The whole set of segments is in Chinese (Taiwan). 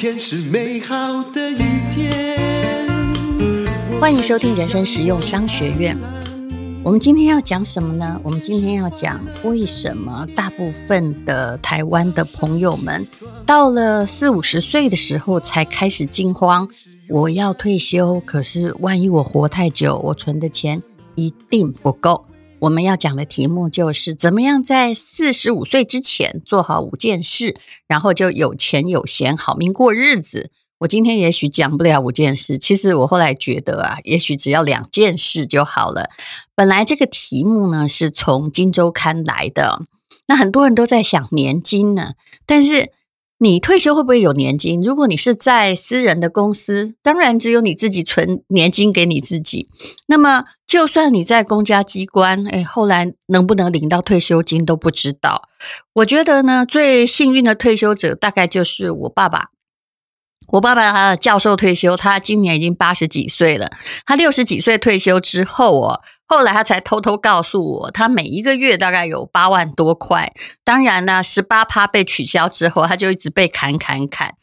今天是美好的一天，嗯，歡迎收聽人生實用商學院。我們今天要講什麼呢？我們今天要講為什麼大部分的台灣的朋友們到了四五十歲的時候才開始驚慌，我要退休，可是萬一我活太久，我存的錢一定不夠。我們要講的題目就是怎麼樣在四十五歲之前做好五件事，然後就有錢有閒好命過日子。我今天也許講不了五件事，其實我後來覺得啊，也許只要兩件事就好了。本來這個題目呢是從《今周刊》來的，那很多人都在想年金呢，但是你退休會不會有年金？如果你是在私人的公司，當然只有你自己存年金給你自己。那麼。就算你在公家機關，誒、哎、後來能不能領到退休金都不知道。我覺得呢，最幸運的退休者大概就是我爸爸。我爸爸他的教授退休，他今年已經八十幾歲了。他六十幾歲退休之後哦，後來他才偷偷告訴我，他每一個月大概有八萬多塊。當然呢，十八趴被取消之後，他就一直被砍砍砍。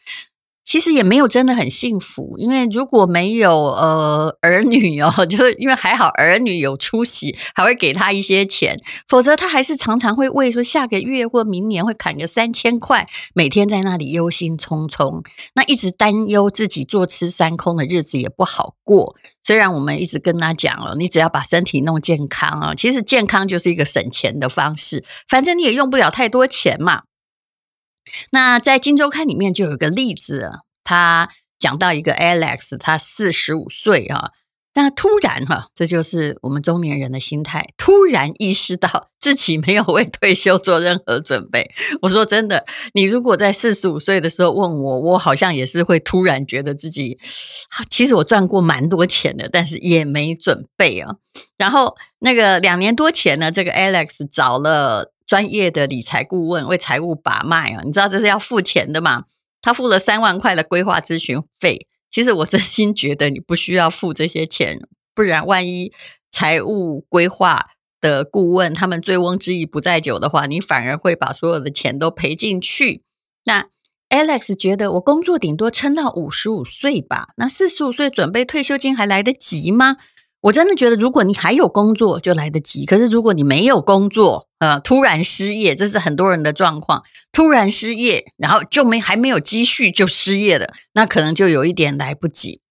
其實也沒有真的很幸福，因為如果沒有呃兒女哦，就是因為還好兒女有出息，還會給他一些錢，否則他還是常常會為說下個月或明年會砍個三千塊，每天在那裡憂心忡忡，那一直擔憂自己坐吃山空的日子也不好過。雖然我們一直跟他講了，你只要把身體弄健康啊，其實健康就是一個省錢的方式，反正你也用不了太多錢嘛。那在《金周刊》裡面就有一個例子啊，他講到一個 Alex，他四十五歲啊，那突然哈啊，這就是我們中年人的心態，突然意識到自己沒有為退休做任何準備。我說真的，你如果在四十五歲的時候問我，我好像也是會突然覺得自己，其實我賺過蠻多錢的，但是也沒準備啊。然後那個兩年多前呢，這個 Alex 找了。專業的理財顧問為財務把脈啊，你知道這是要付錢的嘛？他付了三萬塊的規劃諮詢費。其實我真心覺得你不需要付這些錢，不然萬一財務規劃的顧問他們醉翁之意不在酒的話，你反而會把所有的錢都賠進去。那 Alex 覺得我工作頂多撐到五十五歲吧，那四十五歲準備退休金還來得及嗎？我真的覺得，如果你還有工作，就來得及。可是，如果你沒有工作，呃，突然失業，這是很多人的狀況。突然失業，然後就沒還沒有積蓄就失業了，那可能就有一點來不及。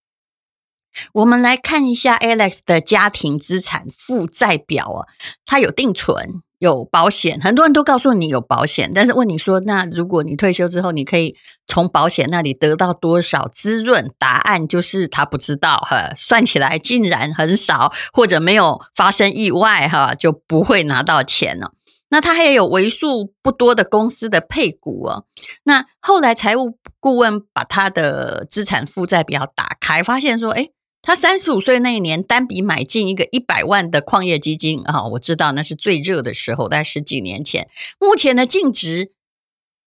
我們來看一下 Alex 的家庭資產負債表哦、啊，他有定存，有保險。很多人都告訴你有保險，但是問你說，那如果你退休之後，你可以從保險那裡得到多少滋潤？答案就是他不知道哈，算起來竟然很少，或者沒有發生意外哈，就不會拿到錢了。那他也有為數不多的公司的配股哦、啊。那後來財務顧問把他的資產負債表打開，發現說，哎。他三十五歲那一年，單筆買進一個一百萬的礦業基金啊、哦，我知道那是最熱的時候，大概十幾年前。目前的淨值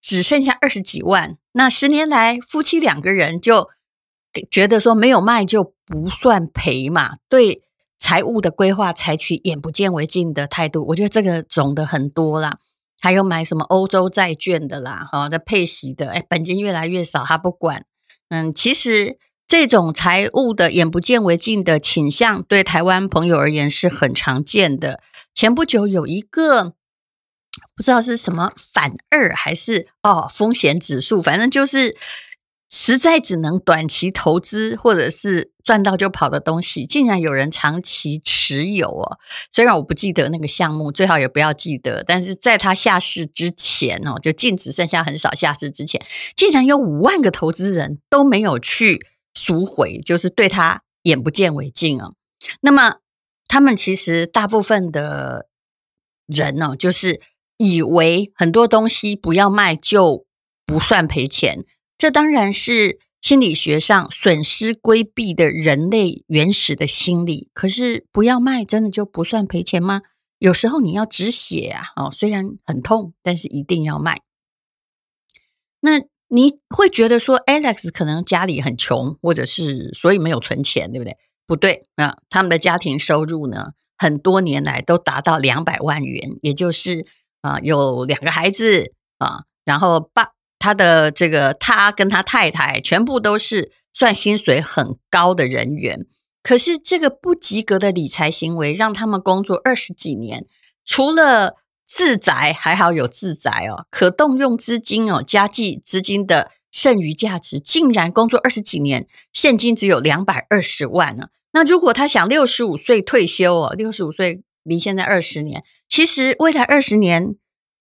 只剩下二十幾萬，那十年來夫妻兩個人就覺得說沒有賣就不算賠嘛，對財務的規劃採取眼不見為淨的態度。我覺得這個總的很多啦，還有買什麼歐洲債券的啦，哈、哦，在配息的，哎，本金越來越少，他不管。嗯，其實。這種財務的“眼不見為淨”的傾向，對台灣朋友而言是很常見的。前不久有一個不知道是什麼反二還是哦風險指數，反正就是實在只能短期投資或者是賺到就跑的東西，竟然有人長期持有哦。雖然我不記得那個項目，最好也不要記得。但是在它下市之前哦，就淨值剩下很少下市之前，竟然有五萬個投資人都沒有去。贖回，就是對他眼不見為淨啊、哦。那麼，他們其實大部分的人呢、哦，就是以為很多東西不要賣就不算賠錢。這當然是心理學上損失規避的人類原始的心理。可是，不要賣真的就不算賠錢嗎？有時候你要止血啊，哦，雖然很痛，但是一定要賣。那。你會覺得說 Alex 可能家裡很窮，或者是所以沒有存錢，對不對？不對啊，他們的家庭收入呢，很多年來都達到兩百萬元，也就是啊有兩個孩子啊，然後爸他的這個他跟他太太全部都是算薪水很高的人員，可是這個不及格的理財行為讓他們工作二十幾年，除了。自宅還好有自宅哦，可動用資金哦，加計資金的剩餘價值，竟然工作二十幾年，現金只有兩百二十萬呢、啊。那如果他想六十五歲退休哦，六十五歲離現在二十年，其實未來二十年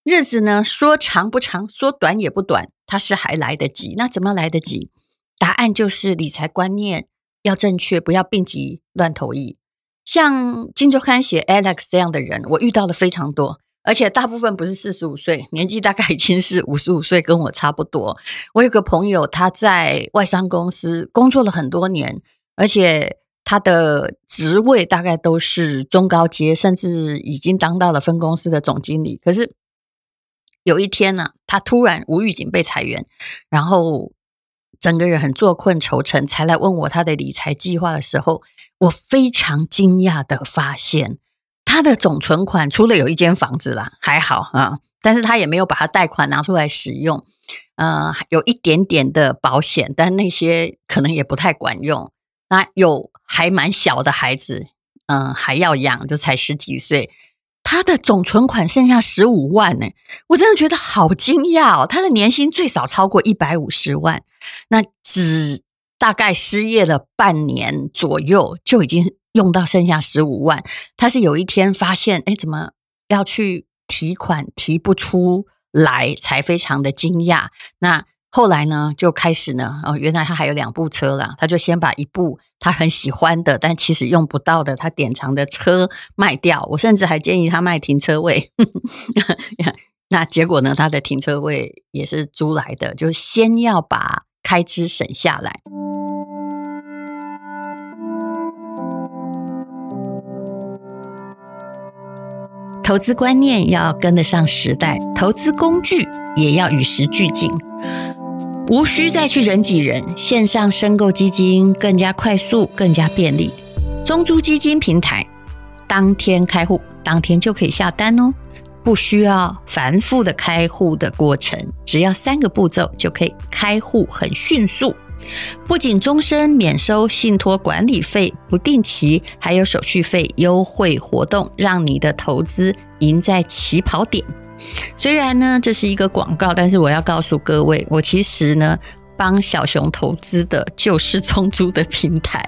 日子呢，說長不長，說短也不短，他是還來得及。那怎麼來得及？答案就是理財觀念要正確，不要病急亂投醫。像今周刊寫 Alex 這樣的人，我遇到了非常多。而且大部分不是四十五歲，年紀大概已經是五十五歲，跟我差不多。我有個朋友，他在外商公司工作了很多年，而且他的職位大概都是中高階，甚至已經當到了分公司的總經理。可是有一天呢、啊，他突然無預警被裁員，然後整個人很坐困愁城，才來問我他的理財計劃的時候，我非常驚訝的發現。他的總存款除了有一間房子啦，還好啊，嗯，但是他也沒有把他貸款拿出來使用，呃，有一點點的保險，但那些可能也不太管用。那有還蠻小的孩子，嗯，還要養，就才十幾歲，他的總存款剩下十五萬呢，欸，我真的覺得好驚訝哦！他的年薪最少超過一百五十萬，那只大概失業了半年左右，就已經。用到剩下十五萬，他是有一天發現，哎，怎麼要去提款提不出來，才非常的驚訝。那後來呢，就開始呢，哦，原來他還有兩部車啦，他就先把一部他很喜歡的，但其實用不到的，他典藏的車賣掉。我甚至還建議他賣停車位。 那結果呢，他的停車位也是租來的，就先要把開支省下來。投資觀念要跟得上時代，投資工具也要與時俱進。無需再去人擠人，線上申購基金更加快速、更加便利。中租基金平台，當天開戶，當天就可以下單哦，不需要繁複的開戶的過程，只要三個步驟就可以開戶，很迅速。不僅終身免收信託管理費，不定期還有手續費優惠活動，讓你的投資贏在起跑點。雖然呢這是一個廣告，但是我要告訴各位，我其實呢幫小熊投資的就是中租的平台。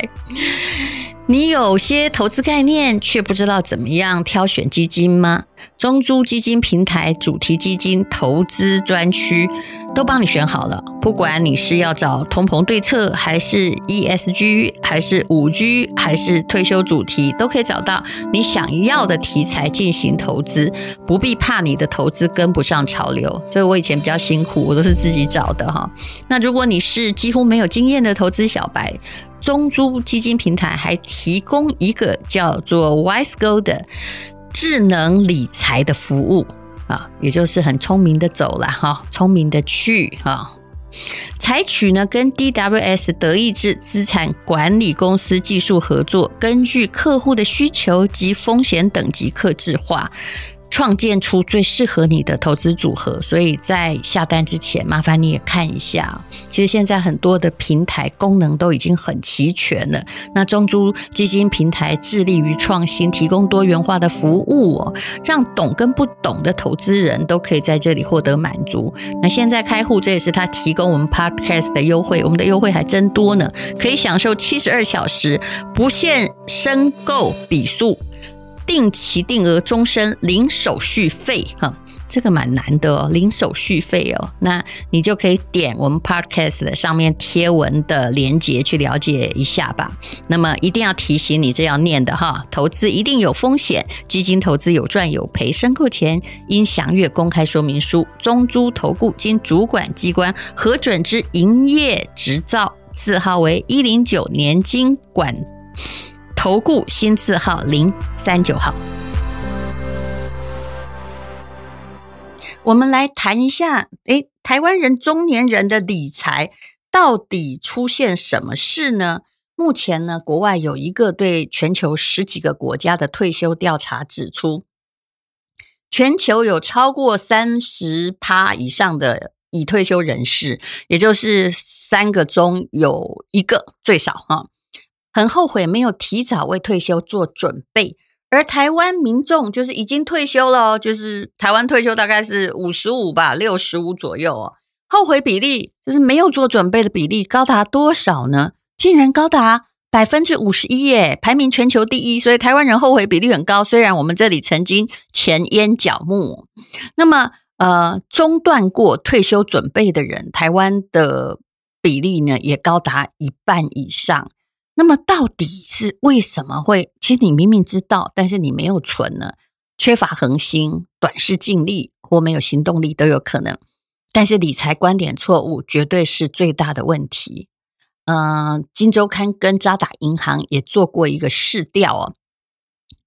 你有些投資概念，卻不知道怎麼樣挑選基金嗎？中租基金平台主題基金投資專區都幫你選好了。不管你是要找通膨對策，還是 ESG，還是 5G，還是退休主題，都可以找到你想要的題材進行投資，不必怕你的投資跟不上潮流。所以我以前比較辛苦，我都是自己找的哈。那如果你是幾乎沒有經驗的投資小白，中租基金平台還提供一個叫做 WISEGO 的智能理財的服務啊，也就是很聰明的走了哈，聰明的去啊，採取呢，跟 DWS 德意志資產管理公司技術合作，根據客戶的需求及風險等級客製化，創建出最適合你的投資組合，所以在下單之前，麻煩你也看一下。其實現在很多的平台功能都已經很齊全了。那中租基金平台致力於創新，提供多元化的服務哦，讓懂跟不懂的投資人都可以在這裡獲得滿足。那現在開戶，這也是他提供我們 Podcast 的優惠，我們的優惠還真多呢，可以享受七十二小時不限申購筆數。定期定額終身零手續費，哈，這個蠻難的哦，零手續費哦，那你就可以點我們 podcast 的上面貼文的鏈接去了解一下吧。那麼一定要提醒你，這樣念的哈，投資一定有風險，基金投資有賺有賠，申購前應詳閱公開說明書，中租投顧經主管機關核准之營業執照，字號為一零九年金管，投顧新字號零三九號，我們來談一下，哎，台灣人中年人的理財到底出現什麼事呢？目前呢，國外有一個對全球十幾個國家的退休調查指出，全球有超過三十趴以上的已退休人士，也就是三個中有一個最少哈。哦很後悔沒有提早為退休做準備，而台灣民眾就是已經退休了哦，就是台灣退休大概是五十五吧，六十五左右哦、啊。後悔比例就是沒有做準備的比例高達多少呢？竟然高達百分之五十一耶，排名全球第一。所以台灣人後悔比例很高。雖然我們這裡曾經前煙角目，那麼呃中斷過退休準備的人，台灣的比例呢也高達一半以上。那麼到底是為什麼會？其實你明明知道，但是你沒有存呢？缺乏恆心、短視近利、或沒有行動力都有可能。但是理財觀點錯誤，絕對是最大的問題。嗯、呃，《今周刊》跟渣打銀行也做過一個市調哦，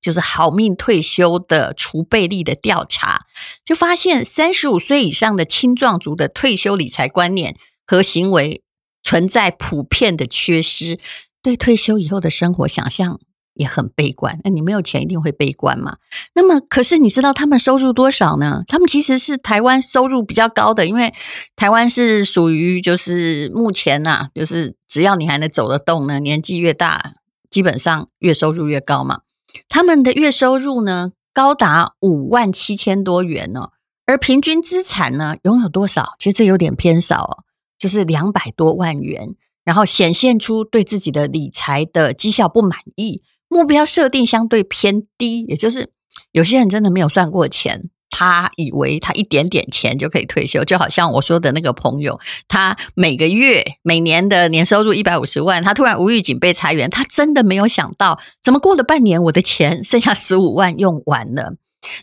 就是好命退休的儲備力的調查，就發現三十五歲以上的青壯族的退休理財觀念和行為存在普遍的缺失。對退休以後的生活想象也很悲觀。那、哎、你沒有錢，一定會悲觀嘛？那麼，可是你知道他們收入多少呢？他們其實是台灣收入比較高的，因為台灣是屬於就是目前吶、啊，就是只要你還能走得動呢，年紀越大，基本上月收入越高嘛。他們的月收入呢高達五萬七千多元哦，而平均資產呢擁有多少？其實這有點偏少哦，就是兩百多萬元。然後顯現出對自己的理財的績效不滿意，目標設定相對偏低，也就是有些人真的沒有算過錢，他以為他一點點錢就可以退休，就好像我說的那個朋友，他每個月每年的年收入一百五十萬，他突然無預警被裁員，他真的沒有想到，怎麼過了半年，我的錢剩下十五萬用完了。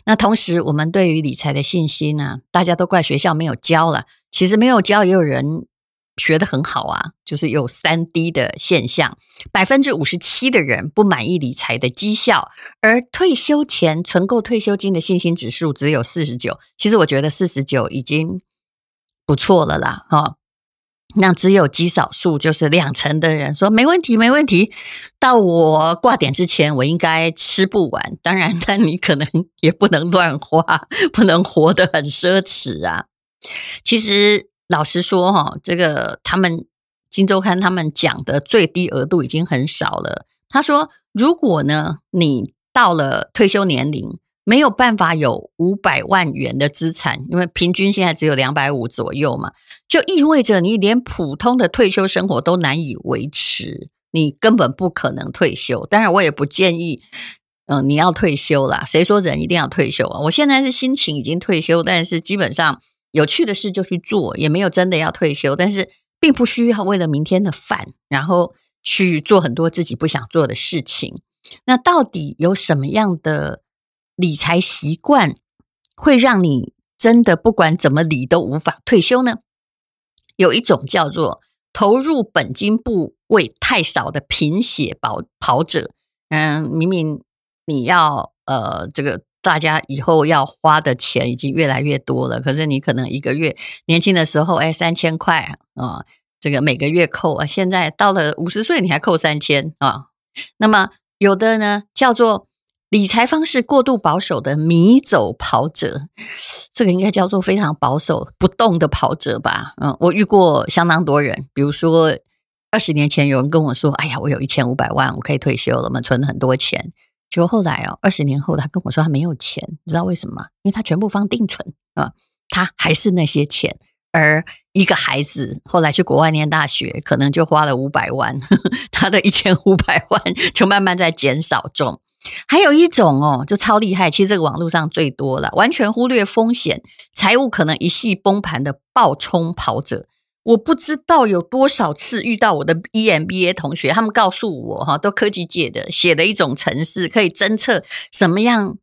那同時，我們對於理財的信息呢，大家都怪學校沒有教了，其實沒有教也有人學得很好啊，就是有三低的現象，百分之五十七的人不滿意理財的績效，而退休前存夠退休金的信心指數只有四十九。其實我覺得四十九已經不錯了啦，哈、哦。那只有極少數，就是兩成的人說沒問題，沒問題。到我掛點之前，我應該吃不完。當然，但你可能也不能亂花，不能活得很奢侈啊。其實。老實說，哈，這個他們《金週刊》他們講的最低額度已經很少了。他說，如果呢，你到了退休年齡，沒有辦法有五百萬元的資產，因為平均現在只有兩百五左右嘛，就意味着你連普通的退休生活都難以維持，你根本不可能退休。當然，我也不建議，嗯、呃，你要退休啦，誰說人一定要退休啊？我現在是心情已經退休，但是基本上，有趣的事就去做，也沒有真的要退休，但是並不需要為了明天的飯，然後去做很多自己不想做的事情。那到底有什麼樣的理財習慣，會讓你真的不管怎麼理都無法退休呢？有一種叫做投入本金部位太少的貧血跑跑者，嗯，明明你要呃這個。大家以後要花的錢已經越來越多了，可是你可能一個月年輕的時候，誒、哎、三千塊啊、嗯，這個每個月扣啊，現在到了五十歲你還扣三千啊、嗯。那麼有的呢叫做理財方式過度保守的迷走跑者，這個應該叫做非常保守不動的跑者吧？嗯，我遇過相當多人，比如說二十年前有人跟我說，哎呀，我有一千五百萬，我可以退休了嘛，我們存了很多錢。就後來哦，二十年後他跟我說他沒有錢，你知道為什麼嗎？因為他全部放定存啊，他還是那些錢，而一個孩子後來去國外念大學，可能就花了五百萬，呵呵，他的一千五百萬就慢慢在減少中。還有一種哦，就超厲害，其實這個網絡上最多了，完全忽略風險，財務可能一夕崩盤的暴衝跑者。我不知道有多少次遇到我的 EMBA 同學，他們告訴我哈，都科技界的寫的一種程式，可以偵測什麼樣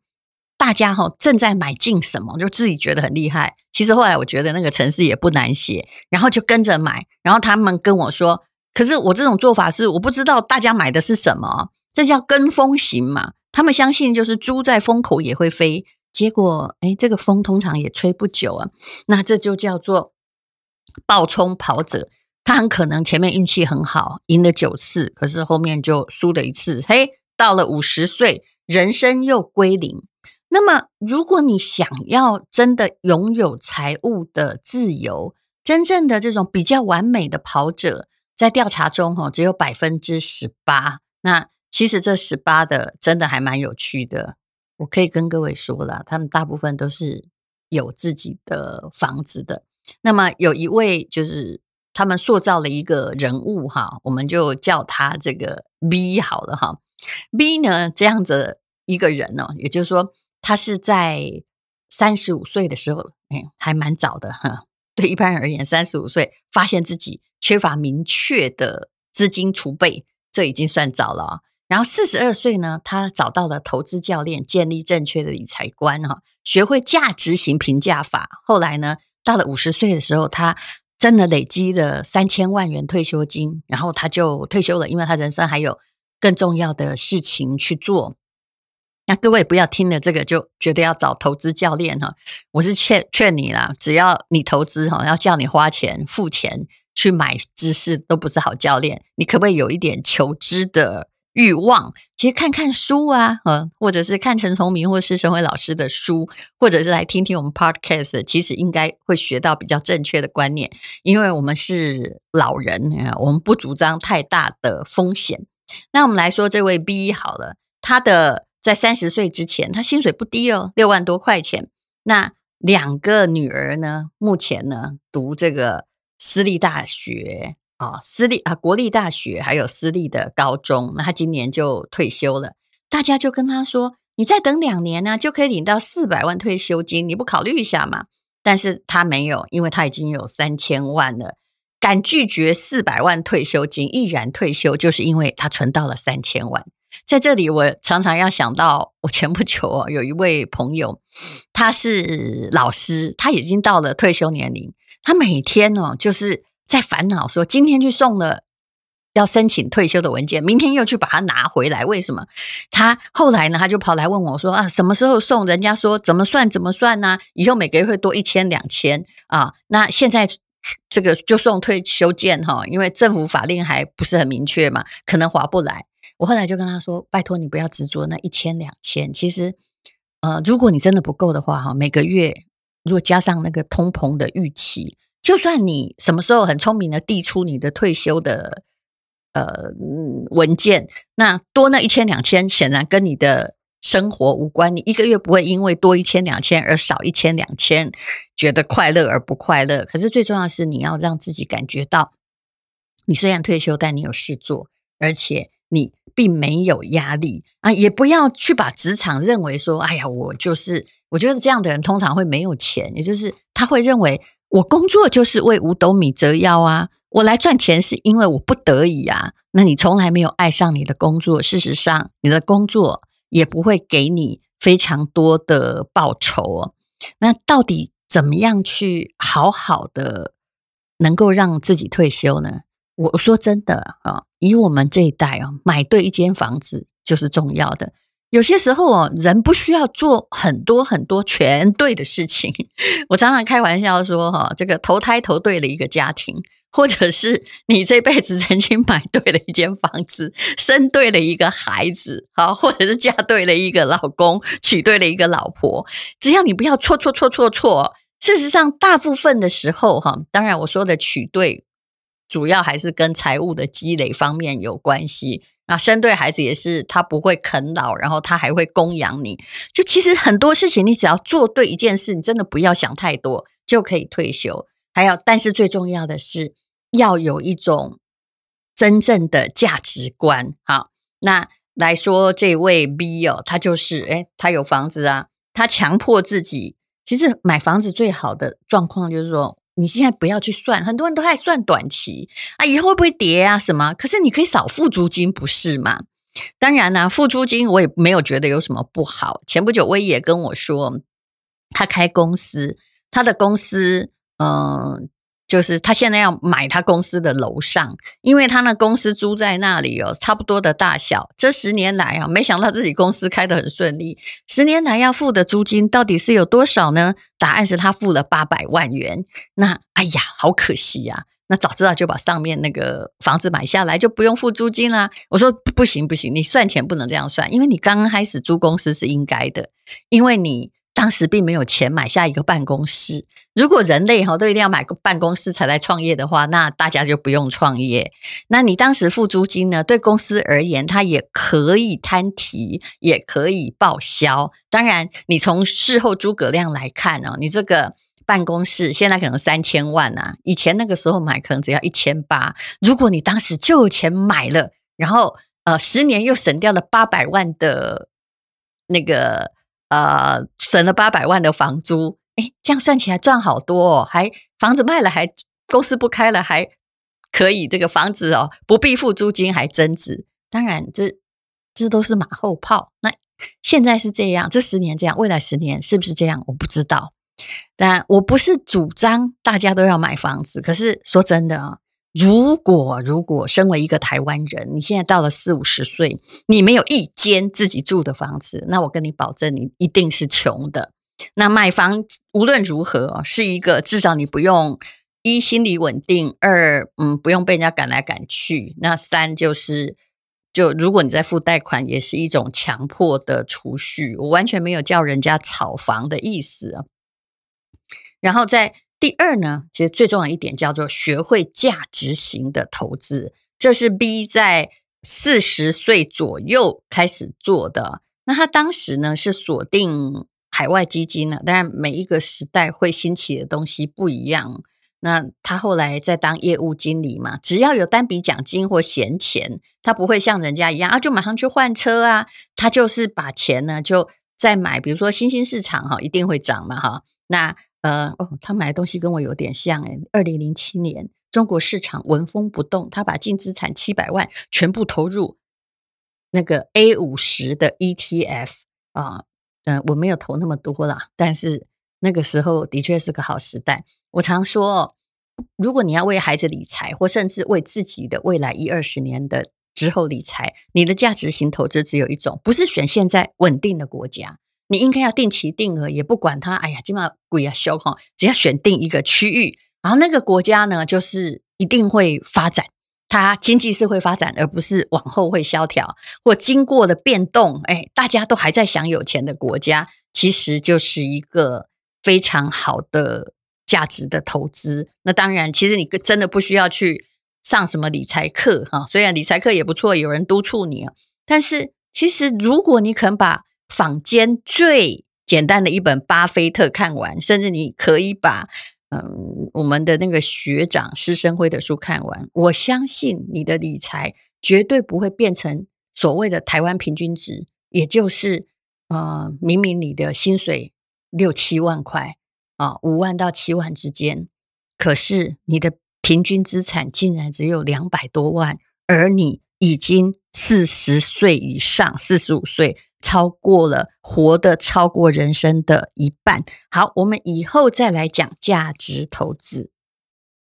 大家哈正在買進什麼，就自己覺得很厲害。其實後來我覺得那個程式也不難寫，然後就跟着買。然後他們跟我說，可是我這種做法是我不知道大家買的是什麼，這叫跟風型嘛。他們相信就是豬在風口也會飛，結果誒，這個風通常也吹不久啊。那這就叫做。暴衝跑者，他很可能前面運氣很好，贏了九次，可是後面就輸了一次。嘿，到了五十歲，人生又歸零。那麼，如果你想要真的擁有財務的自由，真正的這種比較完美的跑者，在調查中哈，只有百分之十八。那其實這十八的真的還蠻有趣的，我可以跟各位說了，他們大部分都是有自己的房子的。那麼有一位，就是他們塑造了一個人物哈，我們就叫他這個 B 好了哈。B 呢，這樣子一個人呢、哦，也就是說，他是在三十五歲的時候，哎，還蠻早的哈。對一般人而言，三十五歲發現自己缺乏明確的資金儲備，這已經算早了。然後四十二歲呢，他找到了投資教練，建立正確的理財觀哈，學會價值型評價法。後來呢？到了五十歲的時候，他真的累積了三千萬元退休金，然後他就退休了，因為他人生還有更重要的事情去做。那各位不要聽了這個就覺得要找投資教練哈，我是勸勸你啦，只要你投資哈，要叫你花錢付錢去買知識，都不是好教練。你可不可以有一點求知的？欲望，其實看看書啊，嗯、呃，或者是看陳重銘或者是沈偉老師的書，或者是來聽聽我們 podcast，其實應該會學到比較正確的觀念，因為我們是老人啊，我們不主張太大的風險。那我們來說這位 B 好了，他的在三十歲之前，他薪水不低哦，六萬多塊錢。那兩個女兒呢，目前呢讀這個私立大學。啊、哦，私立啊，國立大學還有私立的高中，那他今年就退休了。大家就跟他說：“你再等兩年呢、啊，就可以領到四百萬退休金，你不考慮一下嗎？”但是他沒有，因為他已經有三千萬了，敢拒絕四百萬退休金，毅然退休，就是因為他存到了三千萬。在這裡，我常常要想到，我前不久、哦、有一位朋友，他是老師，他已經到了退休年齡，他每天哦，就是。在煩惱說，今天去送了要申請退休的文件，明天又去把它拿回來。為什麼？他後來呢？他就跑來問我說，說啊，什麼時候送？人家說怎麼算怎麼算呢、啊？以後每個月會多一千兩千啊。那現在這個就送退休件哈，因為政府法令還不是很明確嘛，可能划不來。我後來就跟他說，拜託你不要執着那一千兩千。其實，呃，如果你真的不夠的話，哈，每個月如果加上那個通膨的預期。就算你什麼時候很聰明的遞出你的退休的呃文件，那多那一千兩千，顯然跟你的生活無關。你一個月不會因為多一千兩千而少一千兩千，覺得快樂而不快樂。可是最重要的是，你要讓自己感覺到，你雖然退休，但你有事做，而且你並沒有壓力啊。也不要去把職場認為說，哎呀，我就是我覺得這樣的人通常會沒有錢，也就是他會認為。我工作就是為五斗米折腰啊，我來賺錢是因為我不得已啊，那你從來沒有愛上你的工作，事實上，你的工作也不會給你非常多的報酬哦。那到底怎麼樣去好好的能夠讓自己退休呢？我說真的啊，以我們這一代啊、哦，買對一間房子就是重要的。有些時候哦，人不需要做很多很多全對的事情。我常常開玩笑說，哈，這個投胎投對了一個家庭，或者是你這輩子曾經買對了一間房子，生對了一個孩子，哈，或者是嫁對了一個老公，娶對了一個老婆，只要你不要錯錯錯錯錯。事實上，大部分的時候，哈，當然我說的娶對。主要還是跟財務的積累方面有關係。那生對孩子也是，他不會啃老，然後他還會供養你。就其實很多事情，你只要做對一件事，你真的不要想太多，就可以退休。還有，但是最重要的是要有一種真正的價值觀。好，那來說這位 B 哦，他就是，誒，他有房子啊，他強迫自己。其實買房子最好的狀況就是說。你現在不要去算，很多人都還算短期啊，以後會不會跌啊什麼？可是你可以少付租金，不是嗎？當然啦、啊，付租金我也沒有覺得有什麼不好。前不久，威也跟我說，他開公司，他的公司，嗯、呃。就是他現在要買他公司的樓上，因為他那公司租在那裡哦，差不多的大小。這十年來啊，沒想到自己公司開得很順利。十年來要付的租金到底是有多少呢？答案是他付了八百萬元。那哎呀，好可惜啊！那早知道就把上面那個房子買下來，就不用付租金啦啊。我說不行不行，你算錢不能這樣算，因為你剛剛開始租公司是應該的，因為你當時並沒有錢買下一個辦公室。如果人類齁都一定要買個辦公室才來創業的話，那大家就不用創業。那你當時付租金呢？對公司而言，它也可以攤提，也可以報銷。當然，你從事後諸葛亮來看呢，你這個辦公室現在可能三千萬啊，以前那個時候買可能只要一千八。如果你當時就有錢買了，然後呃，十年又省掉了八百萬的那個呃，省了八百萬的房租。哎，這樣算起來賺好多哦，還房子賣了還，還公司不開了，還可以這個房子哦，不必付租金，還增值。當然這，這這都是馬後炮。那現在是這樣，這十年這樣，未來十年是不是這樣？我不知道。當然，我不是主張大家都要買房子，可是說真的啊哦，如果如果身為一個台灣人，你現在到了四五十歲，你沒有一間自己住的房子，那我跟你保證，你一定是窮的。那買房無論如何是一個，至少你不用，一心理穩定，二嗯，不用被人家趕來趕去，那三就是就如果你在付貸款，也是一種強迫的儲蓄。我完全沒有叫人家炒房的意思。然後在第二呢，其實最重要一點叫做學會價值型的投資，這是 B 在四十歲左右開始做的。那他當時呢是鎖定。海外基金呢？當然，每一個時代會興起的東西不一樣。那他後來在當業務經理嘛，只要有單筆獎金或閒錢，他不會像人家一樣啊，就馬上去換車啊。他就是把錢呢，就再買，比如說新興市場哈、哦，一定會漲嘛哈。那呃哦，他買的東西跟我有點像哎、欸。二零零七年，中國市場紋風不動，他把淨資產七百萬全部投入那個 A 五十的 ETF 啊。嗯，我沒有投那麼多啦。但是那個時候的確是個好時代。我常說，如果你要為孩子理財，或甚至為自己的未來一二十年的之後理財，你的價值型投資只有一種，不是選現在穩定的國家，你應該要定期定額，也不管它。哎呀，今晚鬼啊修哈，只要選定一個區域，然後那個國家呢，就是一定會發展。它經濟是會發展，而不是往後會蕭條或經過的變動，哎，大家都還在想有錢的國家，其實就是一個非常好的價值的投資。那當然，其實你真的不需要去上什麼理財課哈。雖然理財課也不錯，有人督促你，但是其實如果你肯把坊間最簡單的一本《巴菲特》看完，甚至你可以把。嗯、呃，我們的那個學長師生會的書看完，我相信你的理財絕對不會變成所謂的台灣平均值，也就是，呃，明明你的薪水六七萬塊啊、呃，五萬到七萬之間，可是你的平均資產竟然只有兩百多萬，而你已經四十歲以上，四十五歲。.超過了，活得超過人生的一半。好，我們以後再來講價值投資。